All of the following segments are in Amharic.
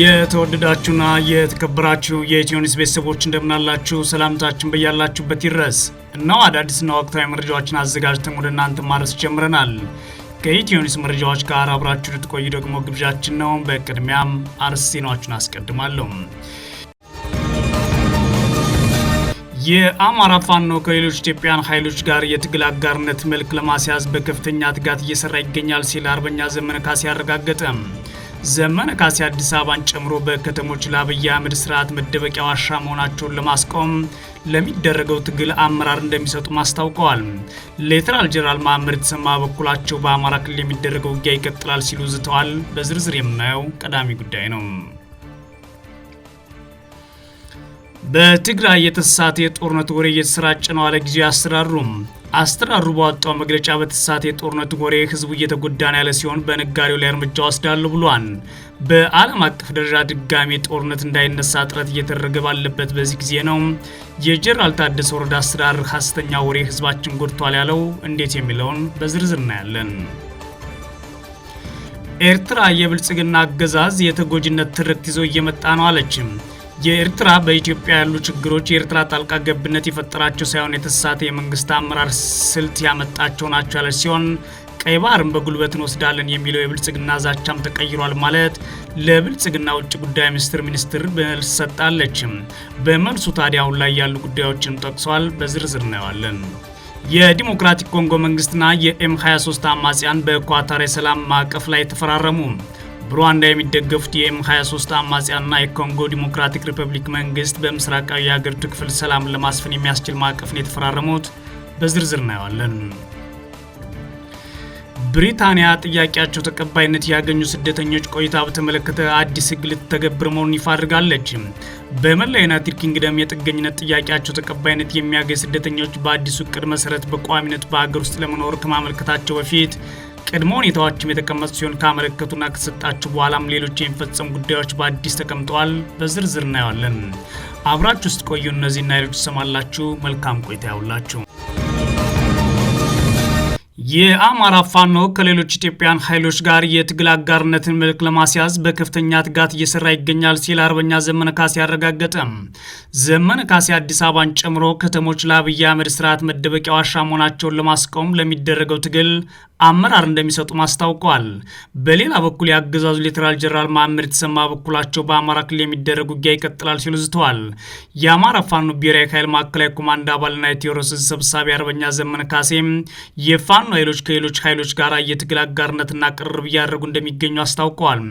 የተወደዳችሁና የተከበራችሁ የኢትዮኒስ ቤተሰቦች እንደምናላችሁ ሰላምታችን በያላችሁበት ይድረስ። እነሆ አዳዲስና ወቅታዊ መረጃዎችን አዘጋጅተን ወደ እናንተ ማድረስ ጀምረናል። ከኢትዮኒስ መረጃዎች ጋር አብራችሁ ልትቆዩ ደግሞ ግብዣችን ነው። በቅድሚያም አርዕስተ ዜናዎችን አስቀድማለሁ። የአማራ ፋኖ ከሌሎች ኢትዮጵያን ኃይሎች ጋር የትግል አጋርነት መልክ ለማስያዝ በከፍተኛ ትጋት እየሰራ ይገኛል ሲል አርበኛ ዘመነ ካሴ አረጋገጠም። ዘመነ ካሴ አዲስ አበባን ጨምሮ በከተሞች ለአብይ አህመድ ስርዓት መደበቂያ ዋሻ መሆናቸውን ለማስቆም ለሚደረገው ትግል አመራር እንደሚሰጡ አስታውቀዋል። ሌተናል ጄኔራል ማህመድ ተሰማ በኩላቸው በአማራ ክልል የሚደረገው ውጊያ ይቀጥላል ሲሉ ዝተዋል። በዝርዝር የምናየው ቀዳሚ ጉዳይ ነው። በትግራይ የተሳሳተ የጦርነት ወሬ እየተሰራጨ ነው አለ ጊዜያዊ አስተዳደሩ። አስተራሩ ባወጣው መግለጫ በተሳት የጦርነቱ ጎሬ ህዝቡ እየተጎዳ ነው ያለ ሲሆን በነጋዴው ላይ እርምጃ ወስዳለሁ ብሏል። በዓለም አቀፍ ደረጃ ድጋሚ ጦርነት እንዳይነሳ ጥረት እየተደረገ ባለበት በዚህ ጊዜ ነው የጀነራል ታደሰ ወረዳ አስተዳደር ሀሰተኛ ወሬ ህዝባችን ጎድቷል ያለው እንዴት የሚለውን በዝርዝር እናያለን። ኤርትራ የብልጽግና አገዛዝ የተጎጂነት ትርክት ይዞ እየመጣ ነው አለችም። የኤርትራ በኢትዮጵያ ያሉ ችግሮች የኤርትራ ጣልቃ ገብነት የፈጠራቸው ሳይሆን የተሳተ የመንግስት አመራር ስልት ያመጣቸው ናቸው ያለች ሲሆን ቀይ ባህርን በጉልበት እንወስዳለን የሚለው የብልጽግና ዛቻም ተቀይሯል ማለት ለብልጽግና ውጭ ጉዳይ ሚኒስትር ሚኒስትር መልስ ሰጣለች። በመልሱ ታዲያ አሁን ላይ ያሉ ጉዳዮችን ጠቅሷል። በዝርዝር እናየዋለን። የዲሞክራቲክ ኮንጎ መንግስትና የኤም 23 አማጽያን በኳታር የሰላም ማዕቀፍ ላይ ተፈራረሙ። በሩዋንዳ የሚደገፉት የኤም 23 አማጽያንና የኮንጎ ዲሞክራቲክ ሪፐብሊክ መንግስት በምስራቃዊ የአገሪቱ ክፍል ሰላም ለማስፈን የሚያስችል ማዕቀፍን የተፈራረሙት በዝርዝር እናየዋለን። ብሪታንያ ጥያቄያቸው ተቀባይነት ያገኙ ስደተኞች ቆይታ በተመለከተ አዲስ ህግ ልትተገብር መሆኑን ይፋ አድርጋለች። በመላ ዩናይትድ ኪንግደም የጥገኝነት ጥያቄያቸው ተቀባይነት የሚያገኝ ስደተኞች በአዲሱ እቅድ መሰረት በቋሚነት በሀገር ውስጥ ለመኖር ከማመልከታቸው በፊት ቅድመ ሁኔታዎችም የተቀመጡ ሲሆን ካመለከቱና ከተሰጣችሁ በኋላም ሌሎች የሚፈጸሙ ጉዳዮች በአዲስ ተቀምጠዋል። በዝርዝር እናየዋለን። አብራችሁ ውስጥ ቆዩ። እነዚህና ሌሎች ይሰማላችሁ። መልካም ቆይታ ያውላችሁ። የአማራ ፋኖ ከሌሎች ኢትዮጵያን ኃይሎች ጋር የትግል አጋርነትን መልክ ለማስያዝ በከፍተኛ ትጋት እየሰራ ይገኛል ሲል አርበኛ ዘመነ ካሴ ያረጋገጠ። ዘመነ ካሴ አዲስ አበባን ጨምሮ ከተሞች ለአብይ አህመድ ስርዓት መደበቂያ ዋሻ መሆናቸውን ለማስቆም ለሚደረገው ትግል አመራር እንደሚሰጡ አስታውቀዋል። በሌላ በኩል የአገዛዙ ሌተናል ጀነራል መሐመድ የተሰማ በኩላቸው በአማራ ክልል የሚደረግ ውጊያ ይቀጥላል ሲሉ ዝተዋል። የአማራ ፋኖ ብሔራዊ ኃይል ማዕከላዊ ኮማንድ አባልና የቴዎድሮስ ዕዝ ሰብሳቢ አርበኛ ዘመነ ካሴም የፋኖ ኃይሎች ከሌሎች ኃይሎች ጋር የትግል አጋርነትና ቅርብ እያደረጉ እንደሚገኙ አስታውቀዋል።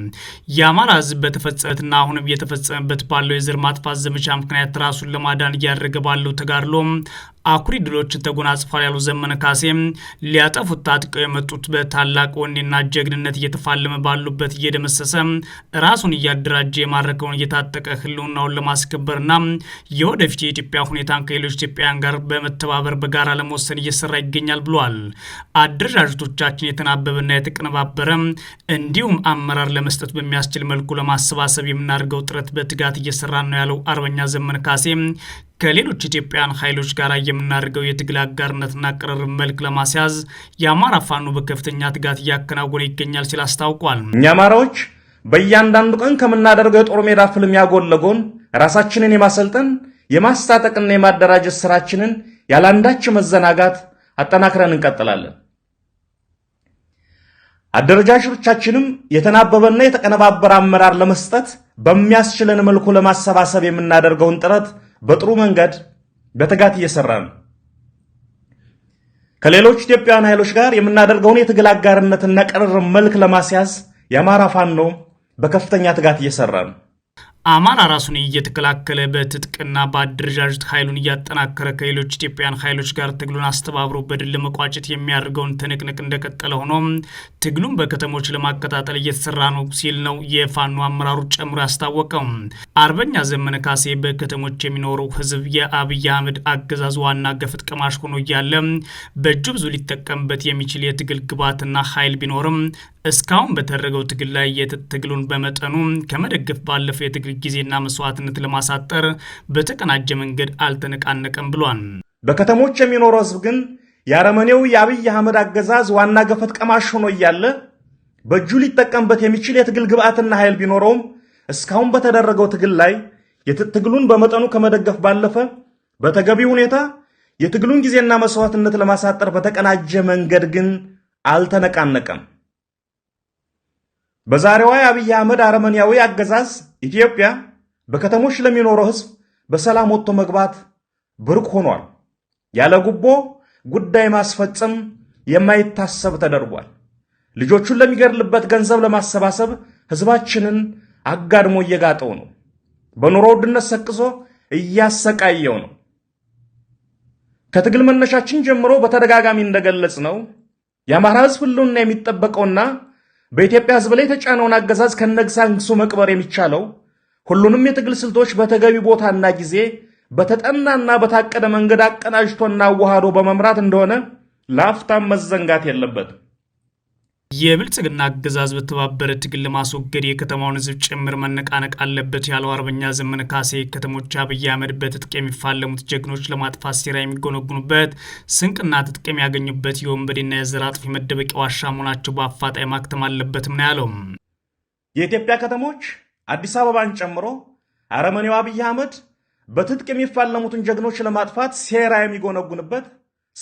የአማራ ህዝብ በተፈጸመበትና አሁንም እየተፈጸመበት ባለው የዘር ማጥፋት ዘመቻ ምክንያት ራሱን ለማዳን እያደረገ ባለው ተጋድሎም አኩሪ ድሎች ተጎናጽፏል ያሉ ዘመነ ካሴም ሊያጠፉት ታጥቀው የመጡት በታላቅ ወኔና ጀግንነት እየተፋለመ ባሉበት እየደመሰሰ ራሱን እያደራጀ የማረከውን እየታጠቀ ህልውናውን ለማስከበርና የወደፊት የኢትዮጵያ ሁኔታን ከሌሎች ኢትዮጵያውያን ጋር በመተባበር በጋራ ለመወሰን እየሰራ ይገኛል ብሏል። አደረጃጀቶቻችን የተናበበና የተቀነባበረ እንዲሁም አመራር ለመስጠት በሚያስችል መልኩ ለማሰባሰብ የምናደርገው ጥረት በትጋት እየሰራ ነው ያለው አርበኛ ዘመነ ካሴ ከሌሎች ኢትዮጵያውያን ኃይሎች ጋር የምናደርገው የትግል አጋርነትና ቅርርብ መልክ ለማስያዝ የአማራ ፋኖ በከፍተኛ ትጋት እያከናወነ ይገኛል ሲል አስታውቋል። እኛ አማራዎች በእያንዳንዱ ቀን ከምናደርገው የጦር ሜዳ ፍልሚያ ጎን ለጎን ራሳችንን የማሰልጠን የማስታጠቅና የማደራጀት ስራችንን ያለአንዳች መዘናጋት አጠናክረን እንቀጥላለን። አደረጃጀቶቻችንም የተናበበና የተቀነባበረ አመራር ለመስጠት በሚያስችለን መልኩ ለማሰባሰብ የምናደርገውን ጥረት በጥሩ መንገድ በትጋት እየሰራ ነው። ከሌሎች ኢትዮጵያውያን ኃይሎች ጋር የምናደርገውን የትግል አጋርነትና ቀረር መልክ ለማስያዝ የአማራ ፋኖ በከፍተኛ ትጋት እየሰራ ነው። አማራ ራሱን እየተከላከለ በትጥቅና በአደረጃጀት ኃይሉን እያጠናከረ ከሌሎች ኢትዮጵያን ኃይሎች ጋር ትግሉን አስተባብሮ በድል ለመቋጨት የሚያደርገውን ትንቅንቅ እንደቀጠለ ሆኖ ትግሉን በከተሞች ለማቀጣጠል እየተሰራ ነው ሲል ነው የፋኖ አመራሩ ጨምሮ ያስታወቀው። አርበኛ ዘመነ ካሴ በከተሞች የሚኖረው ህዝብ የአብይ አህመድ አገዛዝ ዋና ገፍት ቀማሽ ሆኖ እያለ በእጁ ብዙ ሊጠቀምበት የሚችል የትግል ግብዓትና ኃይል ቢኖርም እስካሁን በተደረገው ትግል ላይ የትግሉን በመጠኑ ከመደገፍ ባለፈ የትግል ጊዜና መስዋዕትነት ለማሳጠር በተቀናጀ መንገድ አልተነቃነቀም ብሏል። በከተሞች የሚኖረው ህዝብ ግን የአረመኔው የአብይ አህመድ አገዛዝ ዋና ገፈት ቀማሽ ሆኖ እያለ በእጁ ሊጠቀምበት የሚችል የትግል ግብአትና ኃይል ቢኖረውም እስካሁን በተደረገው ትግል ላይ የትግሉን በመጠኑ ከመደገፍ ባለፈ በተገቢ ሁኔታ የትግሉን ጊዜና መስዋዕትነት ለማሳጠር በተቀናጀ መንገድ ግን አልተነቃነቀም። በዛሬዋ የአብይ አህመድ አርመኒያዊ አገዛዝ ኢትዮጵያ በከተሞች ለሚኖረው ሕዝብ በሰላም ወጥቶ መግባት ብርቅ ሆኗል። ያለ ጉቦ ጉዳይ ማስፈጸም የማይታሰብ ተደርጓል። ልጆቹን ለሚገድልበት ገንዘብ ለማሰባሰብ ህዝባችንን አጋድሞ እየጋጠው ነው። በኑሮ ውድነት ሰቅዞ እያሰቃየው ነው። ከትግል መነሻችን ጀምሮ በተደጋጋሚ እንደገለጽ ነው የአማራ ህዝብ ህልውና የሚጠበቀውና በኢትዮጵያ ሕዝብ ላይ የተጫነውን አገዛዝ ከነግሳንግሱ መቅበር የሚቻለው ሁሉንም የትግል ስልቶች በተገቢ ቦታና ጊዜ በተጠናና በታቀደ መንገድ አቀናጅቶና አዋሃዶ በመምራት እንደሆነ ላፍታም መዘንጋት የለበትም። የብልጽግና አገዛዝ በተባበረ ትግል ለማስወገድ የከተማውን ህዝብ ጭምር መነቃነቅ አለበት ያለው አርበኛ ዘመነ ካሴ ከተሞች አብይ አህመድ በትጥቅ የሚፋለሙት ጀግኖች ለማጥፋት ሴራ የሚጎነጉኑበት ስንቅና ትጥቅ የሚያገኙበት የወንበዴና የዘር አጥፊ መደበቂያ ዋሻ መሆናቸው በአፋጣኝ ማክተም አለበትም ነው ያለው። የኢትዮጵያ ከተሞች አዲስ አበባን ጨምሮ አረመኔው አብይ አህመድ በትጥቅ የሚፋለሙትን ጀግኖች ለማጥፋት ሴራ የሚጎነጉንበት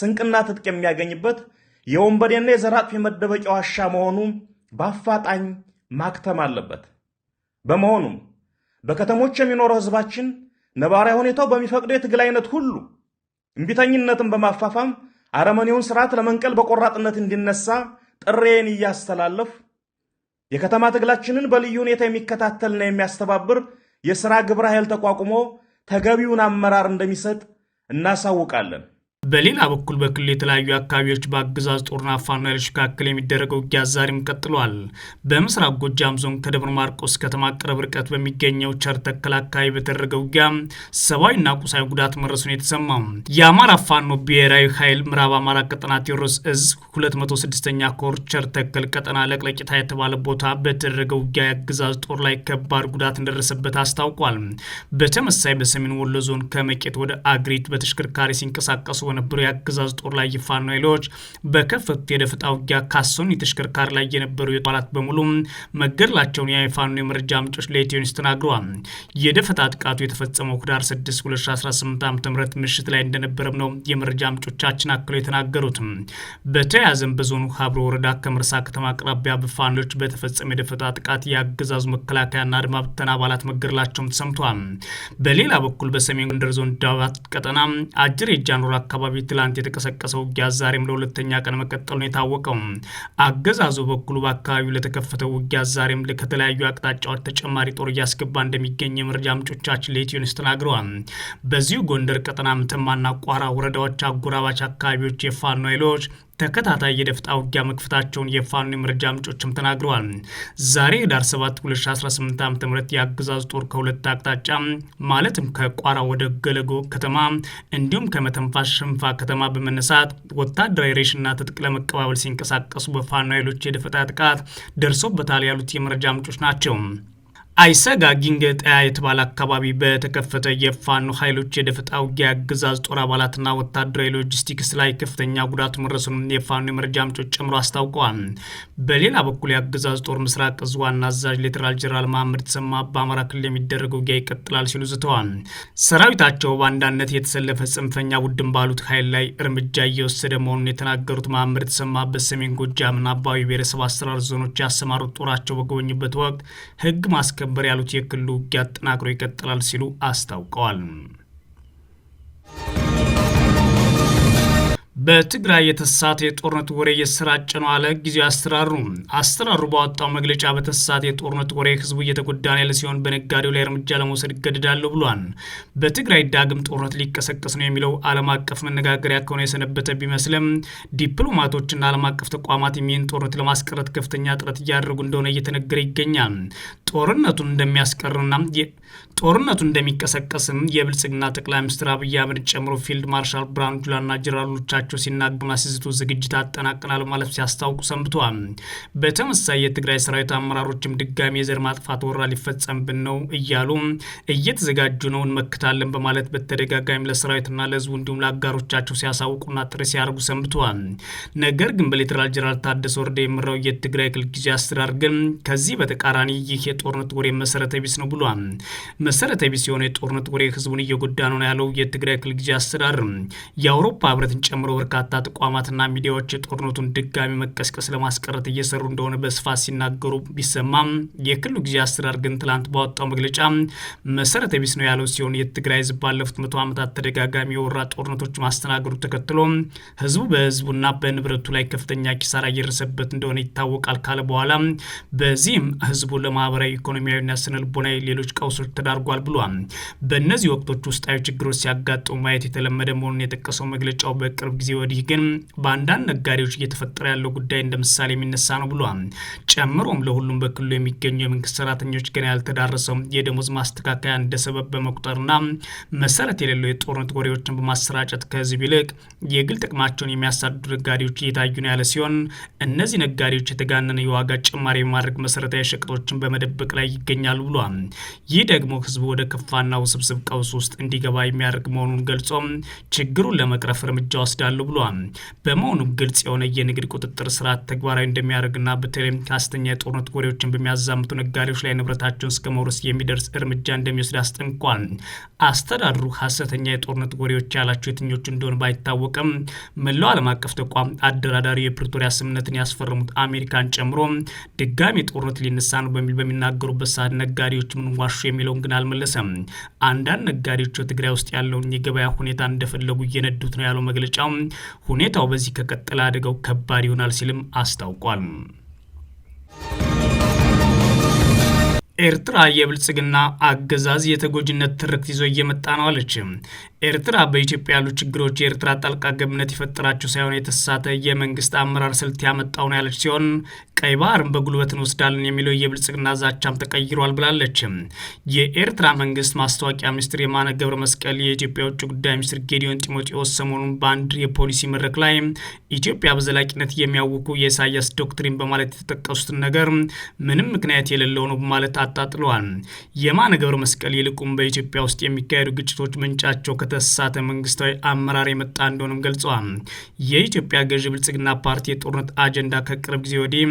ስንቅና ትጥቅ የሚያገኝበት የወንበዴና የዘራጥፍ የመደበቂያ ዋሻ መሆኑ በአፋጣኝ ማክተም አለበት። በመሆኑም በከተሞች የሚኖረው ህዝባችን ነባራዊ ሁኔታው በሚፈቅደው የትግል አይነት ሁሉ እምቢተኝነትን በማፋፋም አረመኔውን ስርዓት ለመንቀል በቆራጥነት እንዲነሳ ጥሬን እያስተላለፍ የከተማ ትግላችንን በልዩ ሁኔታ የሚከታተልና የሚያስተባብር የሥራ ግብረ ኃይል ተቋቁሞ ተገቢውን አመራር እንደሚሰጥ እናሳውቃለን። በሌላ በኩል በክልል የተለያዩ አካባቢዎች በአገዛዝ ጦርና ፋኖ ኃይሎች መካከል የሚደረገው ውጊያ ዛሬም ቀጥሏል። በምስራቅ ጎጃም ዞን ከደብረ ማርቆስ ከተማ ቅርብ ርቀት በሚገኘው ቸር አካባቢ በተደረገ ውጊያ ሰብአዊና ቁሳዊ ጉዳት መድረሱን የተሰማ የአማራ ፋኖ ብሔራዊ ኃይል ምዕራብ አማራ ቀጠና ቴዎድሮስ እዝ 26 ኛ ኮር ቸር ቀጠና ለቅለቂታ የተባለ ቦታ በተደረገ ውጊያ የአገዛዝ ጦር ላይ ከባድ ጉዳት እንደደረሰበት አስታውቋል። በተመሳይ በሰሜን ወሎ ዞን ከመቄት ወደ አግሪት በተሽከርካሪ ሲንቀሳቀሱ በነበሩ የአገዛዝ ጦር ላይ የፋኖ ኃይሎች በከፈቱት የደፈጣ ውጊያ ካሰኑ የተሽከርካሪ ላይ የነበሩ የጠላት በሙሉ መገደላቸውን የፋኖ የመረጃ ምንጮች ለኢትዮ ኒውስ ተናግረዋል። የደፈጣ ጥቃቱ የተፈጸመው ህዳር 6 2018 ዓ ም ምሽት ላይ እንደነበረም ነው የመረጃ ምንጮቻችን አክለው የተናገሩት። በተያያዘም በዞኑ ሀብሮ ወረዳ ከመርሳ ከተማ አቅራቢያ በፋኖች በተፈጸመ የደፈጣ ጥቃት የአገዛዙ መከላከያና አድማ ብተና አባላት መገደላቸውም ተሰምተዋል። በሌላ በኩል በሰሜን ጎንደር ዞን ዳባት ቀጠና አጅር የጃኖር አካባቢ አካባቢ ትላንት የተቀሰቀሰው ውጊያ ዛሬም ለሁለተኛ ቀን መቀጠሉን የታወቀው አገዛዙ በኩሉ በአካባቢው ለተከፈተው ውጊያ ዛሬም ከተለያዩ አቅጣጫዎች ተጨማሪ ጦር እያስገባ እንደሚገኝ የመረጃ ምንጮቻችን ለኢትዮ ኒውስ ተናግረዋል። በዚሁ ጎንደር ቀጠና ምተማና ቋራ ወረዳዎች አጎራባች አካባቢዎች የፋኖ ኃይሎች ተከታታይ የደፍጣ ውጊያ መክፈታቸውን የፋኖ የመረጃ ምንጮችም ተናግረዋል። ዛሬ ህዳር 7 2018 ዓ ም ጦር ከሁለት አቅጣጫ ማለትም ከቋራ ወደ ገለጎ ከተማ እንዲሁም ከመተንፋሽ ሽንፋ ከተማ በመነሳት ወታደራዊ ሬሽና ትጥቅ ለመቀባበል ሲንቀሳቀሱ በፋኖ ኃይሎች የደፈጣ ጥቃት ደርሶበታል ያሉት የመረጃ ምንጮች ናቸው። አይሰጋ ጊንገጣያ የተባለ አካባቢ በተከፈተ የፋኖ ኃይሎች የደፈጣ ውጊያ አገዛዝ ጦር አባላትና ወታደራዊ ሎጂስቲክስ ላይ ከፍተኛ ጉዳት መድረሱን የፋኖ የመረጃ ምንጮች ጨምሮ አስታውቀዋል። በሌላ በኩል የአገዛዝ ጦር ምስራቅ እዝ ዋና አዛዥ ሌተናል ጄኔራል መሐመድ ተሰማ በአማራ ክልል የሚደረገው ውጊያ ይቀጥላል ሲሉ ዝተዋል። ሰራዊታቸው በአንዳነት የተሰለፈ ጽንፈኛ ቡድን ባሉት ኃይል ላይ እርምጃ እየወሰደ መሆኑን የተናገሩት መሐመድ ተሰማ በሰሜን ጎጃምና አባዊ ብሔረሰብ አስተራር ዞኖች ያሰማሩት ጦራቸው በጎበኙበት ወቅት ህግ ማስከ ማስከበር ያሉት የክልሉ ውጊያ አጠናክሮ ይቀጥላል ሲሉ አስታውቀዋል። በትግራይ የተሳተ የጦርነት ወሬ እየሰራጨ ነው አለ ጊዜው አስተራሩ አስተራሩ ባወጣው መግለጫ በተሳተ የጦርነት ወሬ ህዝቡ እየተጎዳ ያለ ሲሆን በነጋዴው ላይ እርምጃ ለመውሰድ ይገደዳሉ ብሏል። በትግራይ ዳግም ጦርነት ሊቀሰቀስ ነው የሚለው ዓለም አቀፍ መነጋገሪያ ከሆነ የሰነበተ ቢመስልም ዲፕሎማቶችና ዓለም አቀፍ ተቋማት የሚን ጦርነት ለማስቀረት ከፍተኛ ጥረት እያደረጉ እንደሆነ እየተነገረ ይገኛል። ጦርነቱን እንደሚያስቀርና ጦርነቱ እንደሚቀሰቀስም የብልጽግና ጠቅላይ ሚኒስትር አብይ አህመድ ጨምሮ ፊልድ ማርሻል ብርሃኑ ጁላና ጀራሎቻ መሆናቸው ሲናገሩ ሲዝቱ ዝግጅት አጠናቅናል ማለት ሲያስታውቁ ሰንብተዋል። በተመሳሳይ የትግራይ ሰራዊት አመራሮችም ድጋሚ የዘር ማጥፋት ወራ ሊፈጸምብን ነው እያሉ እየተዘጋጁ ነው እንመክታለን በማለት በተደጋጋሚ ለሰራዊትና ለህዝቡ እንዲሁም ለአጋሮቻቸው ሲያሳውቁና ጥሪ ሲያደርጉ ሰንብተዋል። ነገር ግን በሌተናል ጀነራል ታደሰ ወረደ የምራው የትግራይ ክልል ጊዜ አስተዳደር ግን ከዚህ በተቃራኒ ይህ የጦርነት ወሬ መሰረተ ቢስ ነው ብሏል። መሰረተ ቢስ የሆነ የጦርነት ወሬ ህዝቡን እየጎዳ ነው ያለው የትግራይ ክልል ጊዜ አስተዳደር የአውሮፓ ህብረትን ጨምሮ በርካታ ተቋማትና ሚዲያዎች የጦርነቱን ድጋሚ መቀስቀስ ለማስቀረት እየሰሩ እንደሆነ በስፋት ሲናገሩ ቢሰማም የክልሉ ጊዜ አስተዳደር ግን ትላንት ባወጣው መግለጫ መሰረተ ቢስ ነው ያለው ሲሆን የትግራይ ህዝብ ባለፉት መቶ ዓመታት ተደጋጋሚ የወራ ጦርነቶች ማስተናገዱ ተከትሎ ህዝቡ በህዝቡና በንብረቱ ላይ ከፍተኛ ኪሳራ እየደረሰበት እንደሆነ ይታወቃል ካለ በኋላ በዚህም ህዝቡ ለማህበራዊ ኢኮኖሚያዊና ስነ ልቦናዊ ሌሎች ቀውሶች ተዳርጓል ብሏል። በእነዚህ ወቅቶች ውስጣዊ ችግሮች ሲያጋጥሙ ማየት የተለመደ መሆኑን የጠቀሰው መግለጫው በቅርብ ጊዜ ወዲህ ግን በአንዳንድ ነጋዴዎች እየተፈጠረ ያለው ጉዳይ እንደ ምሳሌ የሚነሳ ነው ብሏል። ጨምሮም ለሁሉም በክልሉ የሚገኙ የመንግስት ሰራተኞች ገና ያልተዳረሰው የደሞዝ ማስተካከያ እንደ ሰበብ በመቁጠርና መሰረት የሌለው የጦርነት ወሬዎችን በማሰራጨት ከህዝብ ይልቅ የግል ጥቅማቸውን የሚያሳድዱ ነጋዴዎች እየታዩ ነው ያለ ሲሆን እነዚህ ነጋዴዎች የተጋነነ የዋጋ ጭማሪ የማድረግ መሰረታዊ ሸቀጦችን በመደበቅ ላይ ይገኛሉ ብሏል። ይህ ደግሞ ህዝቡ ወደ ከፋና ውስብስብ ቀውስ ውስጥ እንዲገባ የሚያደርግ መሆኑን ገልጾም ችግሩን ለመቅረፍ እርምጃ ወስዳል ይችላሉ ብሏል። በመሆኑም ግልጽ የሆነ የንግድ ቁጥጥር ስርዓት ተግባራዊ እንደሚያደርግና በተለይም ሐሰተኛ የጦርነት ወሬዎችን በሚያዛምቱ ነጋዴዎች ላይ ንብረታቸውን እስከ መውረስ የሚደርስ እርምጃ እንደሚወስድ አስጠንቋል። አስተዳድሩ ሀሰተኛ የጦርነት ወሬዎች ያላቸው የትኞቹ እንደሆነ ባይታወቅም መላው ዓለም አቀፍ ተቋም አደራዳሪ የፕሪቶሪያ ስምምነትን ያስፈረሙት አሜሪካን ጨምሮ ድጋሚ ጦርነት ሊነሳ ነው በሚል በሚናገሩበት ሰዓት ነጋዴዎች ምን ዋሹ የሚለውን ግን አልመለሰም። አንዳንድ ነጋዴዎች በትግራይ ውስጥ ያለውን የገበያ ሁኔታ እንደፈለጉ እየነዱት ነው ያለው መግለጫው ሁኔታው በዚህ ከቀጠለ አደጋው ከባድ ይሆናል ሲልም አስታውቋል። ኤርትራ የብልጽግና አገዛዝ የተጎጂነት ትርክት ይዞ እየመጣ ነው አለች። ኤርትራ በኢትዮጵያ ያሉ ችግሮች የኤርትራ ጣልቃ ገብነት የፈጠራቸው ሳይሆን የተሳተ የመንግስት አመራር ስልት ያመጣው ነው ያለች ሲሆን ቀይ ባህርን በጉልበት እንወስዳለን የሚለው የብልጽግና ዛቻም ተቀይሯል ብላለች። የኤርትራ መንግስት ማስታወቂያ ሚኒስትር የማነ ገብረ መስቀል የኢትዮጵያ ውጭ ጉዳይ ሚኒስትር ጌዲዮን ጢሞቴዎስ ሰሞኑን በአንድ የፖሊሲ መድረክ ላይ ኢትዮጵያ በዘላቂነት የሚያውኩ የኢሳያስ ዶክትሪን በማለት የተጠቀሱትን ነገር ምንም ምክንያት የሌለው ነው በማለት አጣጥለዋል። የማነ ገብረ መስቀል ይልቁም በኢትዮጵያ ውስጥ የሚካሄዱ ግጭቶች ምንጫቸው የተሳተ መንግስታዊ አመራር የመጣ እንደሆነም ገልጸዋል። የኢትዮጵያ ገዢ ብልጽግና ፓርቲ የጦርነት አጀንዳ ከቅርብ ጊዜ ወዲህ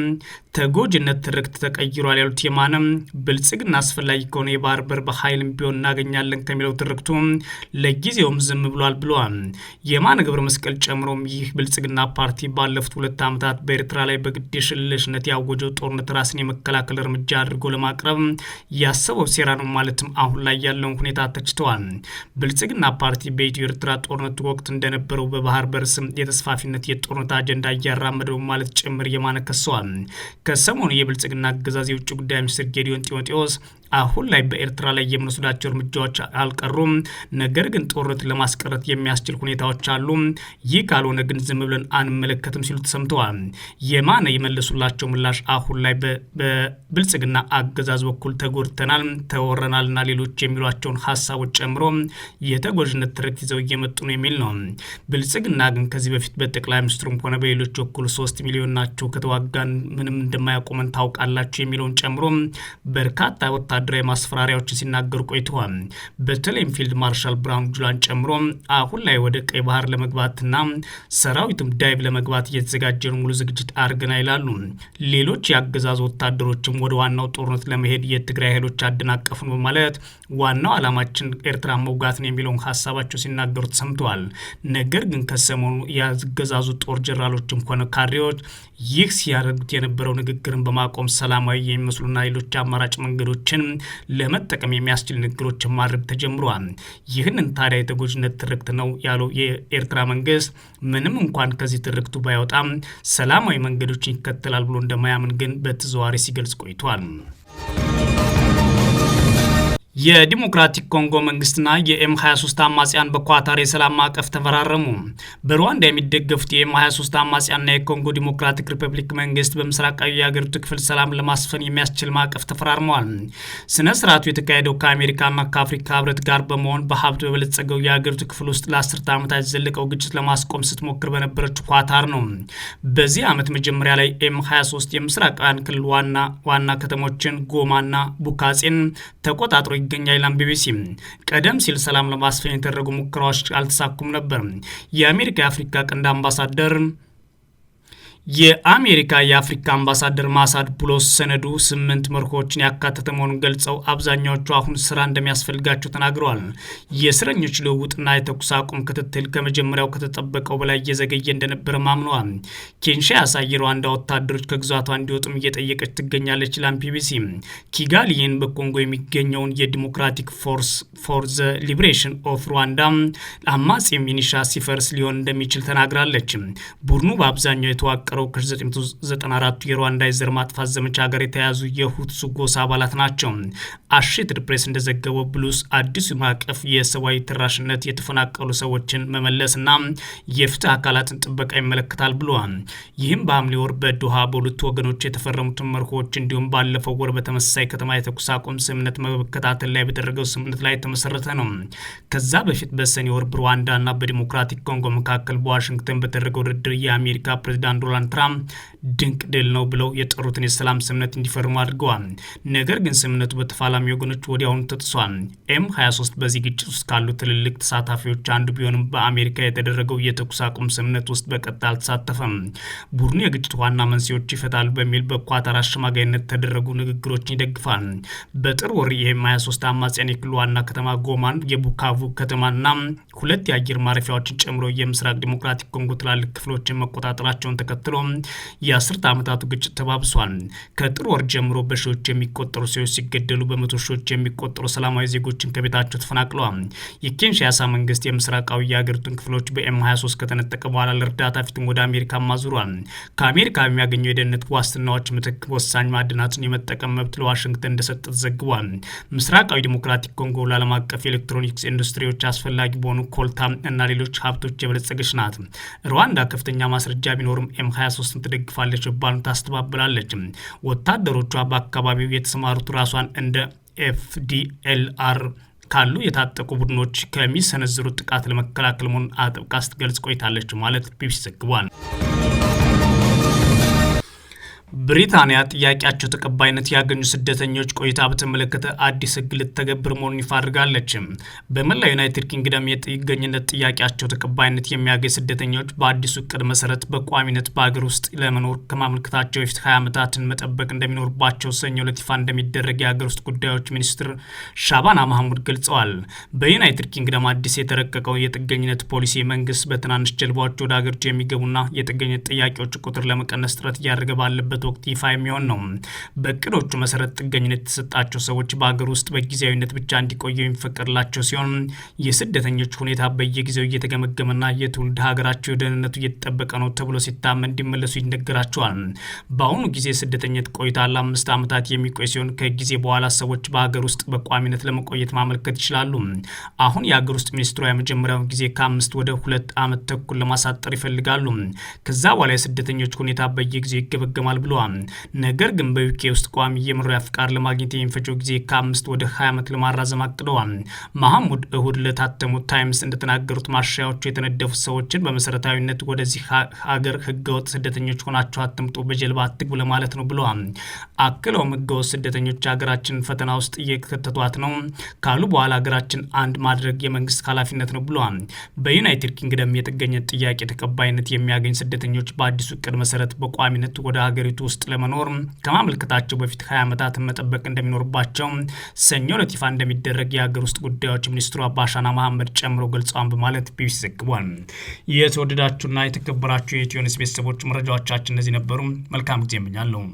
ተጎጂነት ትርክት ተቀይሯል ያሉት የማነም ብልጽግና አስፈላጊ ከሆነ የባህር በር በኃይልም ቢሆን እናገኛለን ከሚለው ትርክቱ ለጊዜውም ዝም ብሏል ብለዋል። የማነ ገብረ መስቀል ጨምሮም ይህ ብልጽግና ፓርቲ ባለፉት ሁለት ዓመታት በኤርትራ ላይ በግድ የለሽነት ያወጀው ጦርነት ራስን የመከላከል እርምጃ አድርጎ ለማቅረብ ያሰበው ሴራ ነው ማለትም አሁን ላይ ያለውን ሁኔታ ተችተዋል። ብልጽግና ፓርቲ ፓርቲ በኢትዮ ኤርትራ ጦርነት ወቅት እንደነበረው በባህር በር ስም የተስፋፊነት የጦርነት አጀንዳ እያራመደው ማለት ጭምር የማነ ከሰዋል። ከሰሞኑ የብልጽግና አገዛዝ የውጭ ጉዳይ ሚኒስትር ጌዲዮን ጢሞቴዎስ አሁን ላይ በኤርትራ ላይ የምንወስዳቸው እርምጃዎች አልቀሩም። ነገር ግን ጦርነት ለማስቀረት የሚያስችል ሁኔታዎች አሉ። ይህ ካልሆነ ግን ዝም ብለን አንመለከትም ሲሉ ተሰምተዋል። የማነ የመለሱላቸው ምላሽ አሁን ላይ በብልጽግና አገዛዝ በኩል ተጎድተናል፣ ተወረናልና ሌሎች የሚሏቸውን ሀሳቦች ጨምሮ የተጎጂነት ትርክት ይዘው እየመጡ ነው የሚል ነው። ብልጽግና ግን ከዚህ በፊት በጠቅላይ ሚኒስትሩም ሆነ በሌሎች በኩል ሶስት ሚሊዮን ናቸው ከተዋጋን ምንም እንደማያቆመን ታውቃላችሁ የሚለውን ጨምሮ በርካታ ወታደ ወታደራዊ ማስፈራሪያዎች ሲናገሩ ቆይተዋል። በተለይም ፊልድ ማርሻል ብርሃኑ ጁላን ጨምሮ አሁን ላይ ወደ ቀይ ባህር ለመግባትና ሰራዊቱም ዳይቭ ለመግባት ነው፣ ሙሉ ዝግጅት አድርገና ይላሉ። ሌሎች የአገዛዙ ወታደሮችም ወደ ዋናው ጦርነት ለመሄድ የትግራይ ኃይሎች አደናቀፉ ነው በማለት ዋናው ዓላማችን ኤርትራ መውጋት ነው የሚለውን ሀሳባቸው ሲናገሩ ተሰምተዋል። ነገር ግን ከሰሞኑ የአገዛዙ ጦር ጀነራሎችም ሆነ ካድሬዎች ይህ ሲያደርጉት የነበረው ንግግርን በማቆም ሰላማዊ የሚመስሉና ሌሎች አማራጭ መንገዶችን ለመጠቀም የሚያስችል ንግግሮች ማድረግ ተጀምሯል። ይህንን ታዲያ የተጎጂነት ትርክት ነው ያለው የኤርትራ መንግስት ምንም እንኳን ከዚህ ትርክቱ ባይወጣም ሰላማዊ መንገዶችን ይከተላል ብሎ እንደማያምን ግን በተዘዋዋሪ ሲገልጽ ቆይቷል። የዲሞክራቲክ ኮንጎ መንግስትና የኤም 23 አማጽያን በኳታር የሰላም ማዕቀፍ ተፈራረሙ። በሩዋንዳ የሚደገፉት የኤም 23 አማጽያንና የኮንጎ ዲሞክራቲክ ሪፐብሊክ መንግስት በምስራቃዊ የአገሪቱ ክፍል ሰላም ለማስፈን የሚያስችል ማዕቀፍ ተፈራርመዋል። ስነ ስርዓቱ የተካሄደው ከአሜሪካና ከአፍሪካ ህብረት ጋር በመሆን በሀብት በበለጸገው የአገሪቱ ክፍል ውስጥ ለአስርተ ዓመታት የዘለቀው ግጭት ለማስቆም ስትሞክር በነበረችው ኳታር ነው። በዚህ ዓመት መጀመሪያ ላይ ኤም 23 የምስራቃውያን ክልል ዋና ዋና ከተሞችን ጎማና ቡካጼን ተቆጣጥሮ ይገኛል ይላል ቢቢሲ። ቀደም ሲል ሰላም ለማስፈን የተደረጉ ሙከራዎች አልተሳኩም ነበር። የአሜሪካ የአፍሪካ ቀንድ አምባሳደር የአሜሪካ የአፍሪካ አምባሳደር ማሳድ ቡሎስ ሰነዱ ስምንት መርሆችን ያካተተ መሆኑን ገልጸው አብዛኛዎቹ አሁን ስራ እንደሚያስፈልጋቸው ተናግረዋል። የእስረኞች ልውውጥና የተኩስ አቁም ክትትል ከመጀመሪያው ከተጠበቀው በላይ እየዘገየ እንደነበረ ማምነዋል። ኪንሻሳ የሩዋንዳ ወታደሮች ከግዛቷ እንዲወጡም እየጠየቀች ትገኛለች። ላም ቢቢሲ ኪጋሊን በኮንጎ የሚገኘውን የዲሞክራቲክ ፎርስ ፎር ዘ ሊብሬሽን ኦፍ ሩዋንዳ አማጺ ሚኒሻ ሲፈርስ ሊሆን እንደሚችል ተናግራለች። ቡድኑ በአብዛኛው የተዋቀ የተፈጠረው ከ1994 የሩዋንዳ የዘር ማጥፋት ዘመቻ ጋር የተያዙ የሁትሱ ጎሳ አባላት ናቸው። አሼትድ ፕሬስ እንደዘገበው ብሉስ አዲሱ ማዕቀፍ የሰብአዊ ተራሽነት የተፈናቀሉ ሰዎችን መመለስና የፍትህ አካላትን ጥበቃ ይመለከታል ብለዋል። ይህም በሐምሌ ወር በዱሃ በሁለቱ ወገኖች የተፈረሙትን መርሆዎች እንዲሁም ባለፈው ወር በተመሳሳይ ከተማ የተኩስ አቁም ስምምነት መከታተል ላይ በተደረገው ስምምነት ላይ የተመሰረተ ነው። ከዛ በፊት በሰኔ ወር በሩዋንዳና በዲሞክራቲክ ኮንጎ መካከል በዋሽንግተን በተደረገው ድርድር የአሜሪካ ፕሬዚዳንት ዶናልድ ዶናልድ ትራምፕ ድንቅ ድል ነው ብለው የጠሩትን የሰላም ስምምነት እንዲፈርሙ አድርገዋል። ነገር ግን ስምምነቱ በተፋላሚ ወገኖች ወዲያውኑ ተጥሷል። ኤም 23 በዚህ ግጭት ውስጥ ካሉ ትልልቅ ተሳታፊዎች አንዱ ቢሆንም በአሜሪካ የተደረገው የተኩስ አቁም ስምምነት ውስጥ በቀጥታ አልተሳተፈም። ቡድኑ የግጭት ዋና መንስኤዎች ይፈታሉ በሚል በኳታር አሸማጋይነት ተደረጉ ንግግሮችን ይደግፋል። በጥር ወር የኤም 23 አማጽያን የክልሉ ዋና ከተማ ጎማን፣ የቡካቩ ከተማና ሁለት የአየር ማረፊያዎችን ጨምሮ የምስራቅ ዲሞክራቲክ ኮንጎ ትላልቅ ክፍሎችን መቆጣጠራቸውን ተከትሎ ተከትሎ የአስርተ ዓመታቱ ግጭት ተባብሷል። ከጥር ወር ጀምሮ በሺዎች የሚቆጠሩ ሰዎች ሲገደሉ በመቶ ሺዎች የሚቆጠሩ ሰላማዊ ዜጎችን ከቤታቸው ተፈናቅለዋል። የኪንሻሳ መንግስት የምስራቃዊ የሀገሪቱን ክፍሎች በኤም 23 ከተነጠቀ በኋላ ለእርዳታ ፊትም ወደ አሜሪካ ማዙሯል። ከአሜሪካ የሚያገኘው የደህንነት ዋስትናዎች ምትክ ወሳኝ ማዕድናትን የመጠቀም መብት ለዋሽንግተን እንደሰጠ ተዘግቧል። ምስራቃዊ ዲሞክራቲክ ኮንጎ ለዓለም አቀፍ የኤሌክትሮኒክስ ኢንዱስትሪዎች አስፈላጊ በሆኑ ኮልታ እና ሌሎች ሀብቶች የበለጸገች ናት። ሩዋንዳ ከፍተኛ ማስረጃ ቢኖርም ኤም 23ን ትደግፋለች ባሉን ታስተባብላለች። ወታደሮቿ በአካባቢው የተሰማሩት ራሷን እንደ ኤፍዲኤልአር ካሉ የታጠቁ ቡድኖች ከሚሰነዝሩት ጥቃት ለመከላከል መሆኑን አጥብቃ ስትገልጽ ቆይታለች ማለት ቢቢሲ ዘግቧል። ብሪታንያ ጥያቄያቸው ተቀባይነት ያገኙ ስደተኞች ቆይታ በተመለከተ አዲስ ሕግ ልትተገብር መሆኑን ይፋ በመላ ዩናይትድ ኪንግደም የጥገኝነት ጥያቄያቸው ተቀባይነት የሚያገኝ ስደተኞች በአዲሱ እቅድ መሰረት በቋሚነት በሀገር ውስጥ ለመኖር ከማመልከታቸው በፊት 20 ዓመታትን መጠበቅ እንደሚኖርባቸው ሰኞ ዕለት ይፋ እንደሚደረግ የሀገር ውስጥ ጉዳዮች ሚኒስትር ሻባና ማህሙድ ገልጸዋል። በዩናይትድ ኪንግደም አዲስ የተረቀቀው የጥገኝነት ፖሊሲ መንግስት በትናንሽ ጀልባዎች ወደ ሀገሪቱ የሚገቡና የጥገኝነት ጥያቄዎች ቁጥር ለመቀነስ ጥረት እያደረገ ባለበት የሚደርስበት ወቅት ይፋ የሚሆን ነው። በእቅዶቹ መሰረት ጥገኝነት የተሰጣቸው ሰዎች በሀገር ውስጥ በጊዜያዊነት ብቻ እንዲቆዩ የሚፈቀድላቸው ሲሆን የስደተኞች ሁኔታ በየጊዜው እየተገመገመና የትውልድ ሀገራቸው የደህንነቱ እየተጠበቀ ነው ተብሎ ሲታመን እንዲመለሱ ይነገራቸዋል። በአሁኑ ጊዜ ስደተኝነት ቆይታ ለአምስት ዓመታት የሚቆይ ሲሆን ከጊዜ በኋላ ሰዎች በሀገር ውስጥ በቋሚነት ለመቆየት ማመልከት ይችላሉ። አሁን የሀገር ውስጥ ሚኒስትሯ የመጀመሪያውን ጊዜ ከአምስት ወደ ሁለት ዓመት ተኩል ለማሳጠር ይፈልጋሉ። ከዛ በኋላ የስደተኞች ሁኔታ በየጊዜው ይገመገማል ብሎ አይደሏም። ነገር ግን በዩኬ ውስጥ ቋሚ የመኖሪያ ፍቃድ ለማግኘት የሚፈጀው ጊዜ ከአምስት ወደ 20 ዓመት ለማራዘም አቅደዋል። መሐሙድ እሁድ ለታተሙት ታይምስ እንደተናገሩት ማሻያዎቹ የተነደፉት ሰዎችን በመሰረታዊነት ወደዚህ ሀገር ህገወጥ ስደተኞች ሆናቸው አትምጡ፣ በጀልባ አትግቡ ለማለት ነው ብለዋል። አክለውም ህገወጥ ስደተኞች ሀገራችንን ፈተና ውስጥ እየከተቷት ነው ካሉ በኋላ ሀገራችን አንድ ማድረግ የመንግስት ኃላፊነት ነው ብለዋል። በዩናይትድ ኪንግደም የጥገኝነት ጥያቄ ተቀባይነት የሚያገኝ ስደተኞች በአዲሱ እቅድ መሰረት በቋሚነት ወደ ሀገሪቱ ውስጥ ለመኖር ከማመልከታቸው በፊት ሀያ ዓመታት መጠበቅ እንደሚኖርባቸው ሰኞ ዕለት ይፋ እንደሚደረግ የሀገር ውስጥ ጉዳዮች ሚኒስትሩ አባሻና መሐመድ ጨምሮ ገልጸዋል በማለት ቢቢሲ ዘግቧል። የተወደዳችሁና የተከበራችሁ የኢትዮኒውስ ቤተሰቦች መረጃዎቻችን እነዚህ ነበሩ። መልካም ጊዜ እመኛለሁ።